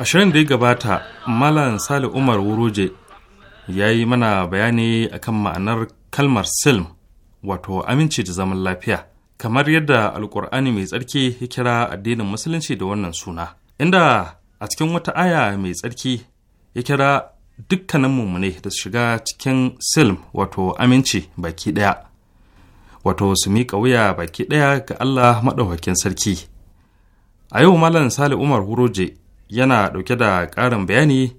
a shirin da ya gabata malam sale umar wuroje ya yi mana bayani akan ma'anar kalmar silm wato aminci da zaman lafiya kamar yadda Alƙur'ani mai tsarki ya kira addinin musulunci da wannan suna inda a cikin wata aya mai tsarki ya kira dukkanin mummune da shiga cikin silm wato aminci baki ɗaya wato su miƙa wuya baki ɗaya ga allah maɗaukakin sarki a yau malam sale umar Wuroje. yana ɗauke da ƙarin bayani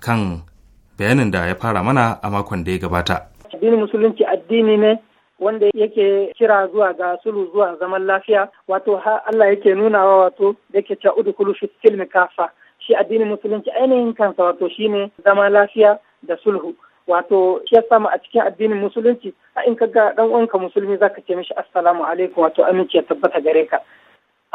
kan bayanin da ya fara mana a makon da ya gabata. Addinin Musulunci addini ne wanda yake kira zuwa ga sulhu zuwa zaman lafiya wato ha Allah yake nunawa wato da yake cewa udkhulu fi silmi kafa shi addinin musulunci ainihin kansa wato shine zama lafiya da sulhu wato shi ya samu a cikin addinin musulunci a in ka ga dan uwanka musulmi zaka ce mishi assalamu alaikum wato aminci ya tabbata gare ka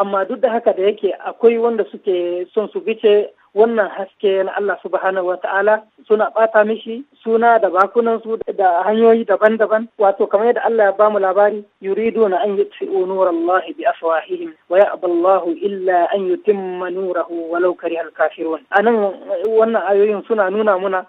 amma duk da haka da yake akwai wanda suke son su bice wannan haske na Allah subhanahu wa ta'ala suna bata mishi suna da bakunansu da hanyoyi daban-daban wato kamar yadda Allah ya bamu labari yuridu na an yi yutfi'u nurallahi bi afwahihim wa ya Allahu illa an yutimma nurahu walau karihal kafirun anan wannan ayoyin suna nuna muna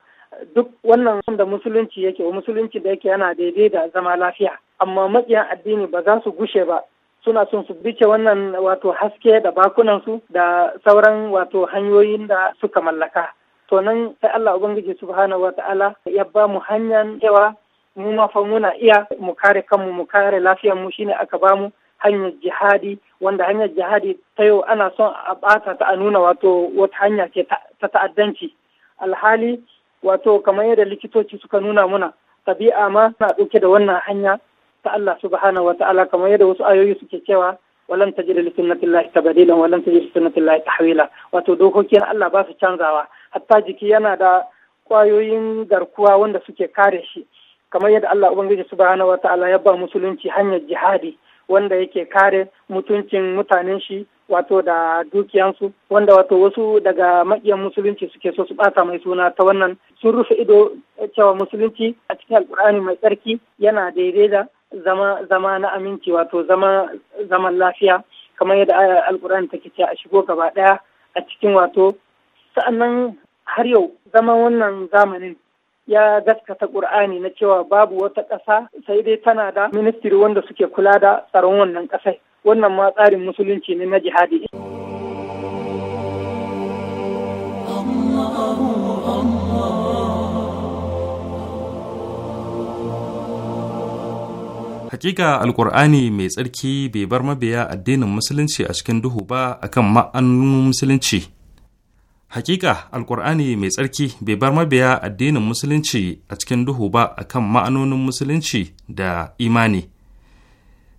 duk wannan da musulunci yake musulunci da yake yana daidai da zama lafiya amma maƙiyan addini ba za su gushe ba suna son su bice wannan wato haske da bakunansu da sauran wato hanyoyin da suka mallaka to nan sai Allah ubangiji subhanahu wata'ala ya ba mu hanyar cewa mu ma fa muna iya mu kare kanmu mu kare lafiyar mu shine aka ba mu hanyar jihadi wanda hanyar jihadi ta yau ana son a bata ta a nuna wato wata hanya ce ta ta'addanci alhali wato kamar yadda likitoci suka nuna muna tabi'a ma na ɗauke da wannan hanya ta Allah subhanahu wa ta'ala kamar yadda wasu ayoyi suke cewa walam tajid li sunnatillahi tabdilan walam tajid li sunnatillahi tahwila wato dokokin Allah ba su canzawa hatta jiki yana da kwayoyin garkuwa wanda suke kare shi kamar yadda Allah ubangiji subhanahu wa ta'ala ya ba musulunci hanyar jihadi wanda yake kare mutuncin mutanen shi wato da dukiyansu wanda wato wasu daga maƙiyan musulunci suke so su bata mai suna ta wannan sun rufe ido eh, cewa musulunci a cikin alkur'ani mai tsarki yana daidai da zama zama na aminci wato zama zaman lafiya kamar yadda ayar alkur'ani take ce a shigo gaba daya a cikin wato sa'annan har yau zama wannan zamanin ya gaskata ƙur'ani na cewa babu wata ƙasa sai dai tana da ministiri wanda suke kula da tsaron wannan ƙasai wannan ma tsarin musulunci ne na jihadi Hakika Alkur'ani mai tsarki bai bar mabiya addinin Musulunci a cikin duhu ba akan ma'anonin Musulunci. Hakika Alkur'ani mai tsarki bai bar mabiya addinin Musulunci a cikin duhu ba akan ma'anonin Musulunci da imani,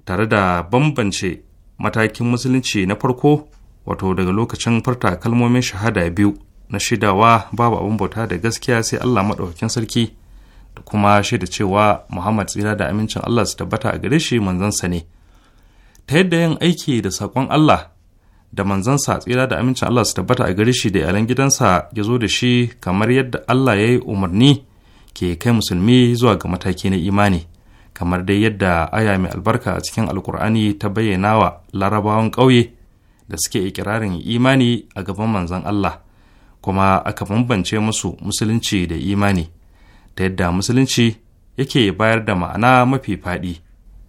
tare da bambance matakin Musulunci na farko wato daga lokacin farta kalmomin shahada biyu na shidawa babu abin bauta da gaskiya sai Allah maɗaukakin sarki. Kuma kuma shaida cewa Muhammad tsira da amincin Allah su tabbata a gare shi manzansa ne. Ta yadda yin aiki da saƙon Allah da manzansa tsira da amincin Allah su tabbata a gare shi da iyalan gidansa ya zo da shi kamar yadda Allah ya yi umarni ke kai musulmi zuwa ga mataki na imani. kamar dai yadda aya mai albarka a cikin alkur'ani ta bayyana wa larabawan ƙauye da suke ikirarin imani a gaban manzon Allah kuma aka bambance musu musulunci da imani. ta yadda musulunci yake bayar da ma'ana mafi faɗi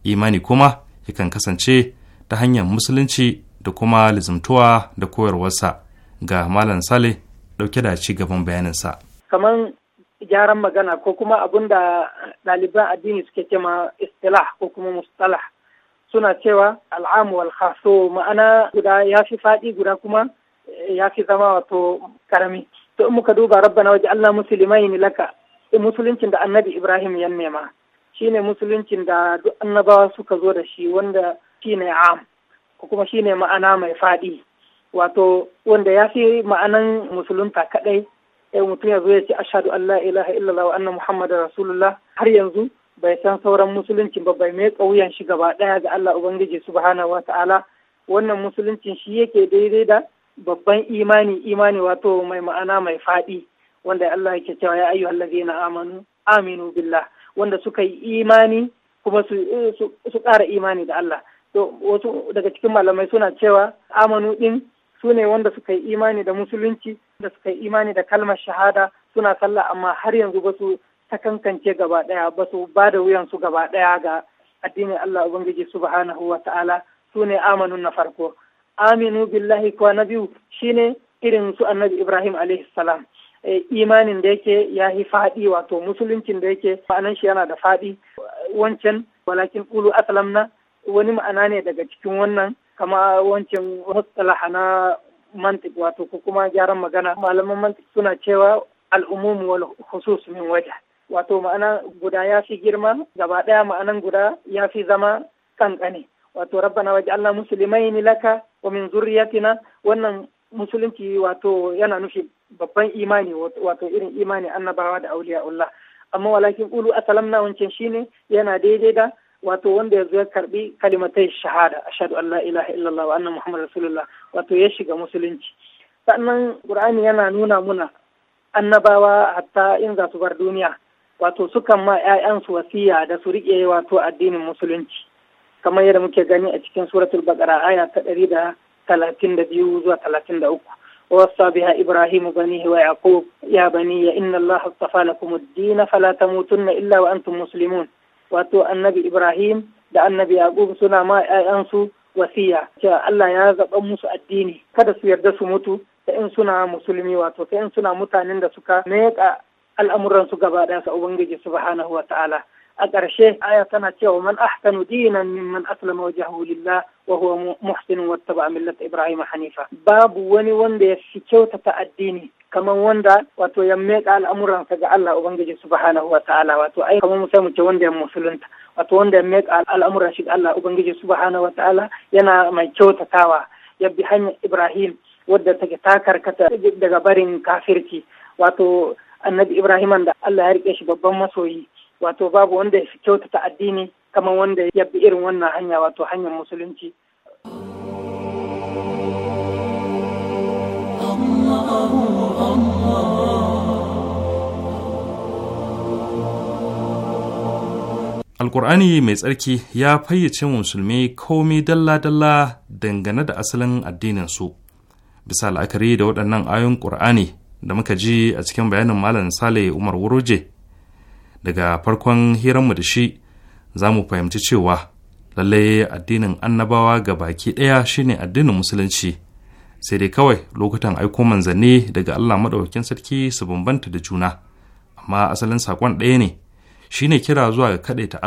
imani kuma yakan kasance ta hanyar musulunci da kuma lizimtuwa da koyarwarsa ga malam sale dauke da ci gaban bayaninsa kamar gyaran magana ko kuma abin da ɗaliban addini suke kema istilah ko kuma mustalah suna cewa al'amu wal ma'ana guda ya fi faɗi guda kuma eh, ya fi zama wato karami to in muka duba rabbana waje Allah musulmai ne laka musuluncin da annabi ibrahim ya nema shine musuluncin da duk annabawa suka zo da shi wanda shine am ko kuma shine ma'ana mai fadi wato wanda ya fi ma'anan musulunta kaɗai ɗaya mutum ya zo ya ce ashadu allah ilaha illallah wa anna muhammadar rasulullah har yanzu bai san sauran musuluncin ba bai mai kauyen shi gaba daya ga allah ubangiji subhanahu wa ta'ala wannan musuluncin shi yake daidai da babban imani imani wato mai ma'ana mai fadi. wanda Allah yake cewa ya ayyuhal ladina amanu aminu billah wanda suka yi imani kuma su ƙara imani da Allah to wasu daga cikin malamai suna cewa amanu din sune wanda suka yi imani da musulunci da suka yi imani da kalmar shahada suna sallah amma har yanzu ba su kankance gaba daya ba su ba da wuyansu gaba daya ga addinin Allah Ubangiji subhanahu wa ta'ala sune amanu na farko aminu billahi kuwa na biyu shine irin su annabi Ibrahim alaihi salam Eh, imanin da yake ya yi faɗi wato musuluncin da yake ma'anan shi yana da faɗi wancan walakin ulu asalamna wani ma'ana ne daga cikin wannan kama wancan mustalaha na mantik wato ko kuma gyaran magana malaman mantik suna cewa al'umumu wal khusus min waja wato ma'ana guda ya fi girma gaba ɗaya ma'anan guda ya fi zama kankane wato rabbana musulmai ni laka wa min zurriyatina wannan musulunci wato yana nufi babban imani wato irin imani annabawa da Auliya Allah amma walakin asalam na wancan shine yana daidai da wato wanda ya zo ya karbi kalimatai shahada ashhadu an la ilaha illallah wa anna muhammad rasulullah wato ya shiga musulunci sannan qur'ani yana nuna muna annabawa hatta in za su bar duniya wato sukan ma 'ya'yansu wasiya da su riƙe wato addinin musulunci kamar yadda muke gani a cikin suratul baqara aya ta ɗari da talatin da biyu zuwa talatin da uku ووصى بها ابراهيم بنيه ويعقوب يا بني ان الله اصطفى لكم الدين فلا تموتن الا وانتم مسلمون واتوا النبي ابراهيم دا النبي يعقوب سنا ما انسو وسيا الله يا زبن موسى الدين كذا سيرد سموتو ان سنا مسلمي واتو ان سنا متانين دا سكا الامر سكا غبا سبحانه وتعالى a ƙarshe aya tana cewa man ahsanu dinan man aslama wajhahu lillah wa huwa muhsin wattaba millata ibrahim hanifa babu wani wanda ya fi kyautata addini kamar wanda wato ya meka al'amuransa ga Allah ubangiji subhanahu wa ta'ala wato ai kamar mu sai mu ce wanda ya musulunta wato wanda ya meka al'amuran shi ga Allah ubangiji subhanahu wa ta'ala yana mai kyautatawa ya bi hanyar ibrahim wadda take ta karkata daga barin kafirci wato annabi ibrahim da Allah ya rike shi babban masoyi wato babu wanda ya fi kyautata addini kamar wanda ya bi irin wannan hanya wato hanyar musulunci Alƙur'ani mai tsarki ya fayyace musulmi komi dalla-dalla dangane da asalin addininsu. Bisa la'akari da waɗannan ayon Ƙur'ani da muka ji a cikin bayanin Malam Sale Umar Wuroje, daga farkon hiranmu da shi za mu fahimci cewa lallai addinin annabawa ga baki ɗaya shine addinin musulunci sai dai kawai lokutan aiko manzanni daga allah maɗaukin sarki su bambanta da juna amma asalin saƙon ɗaya ne shine kira zuwa ga kaɗaita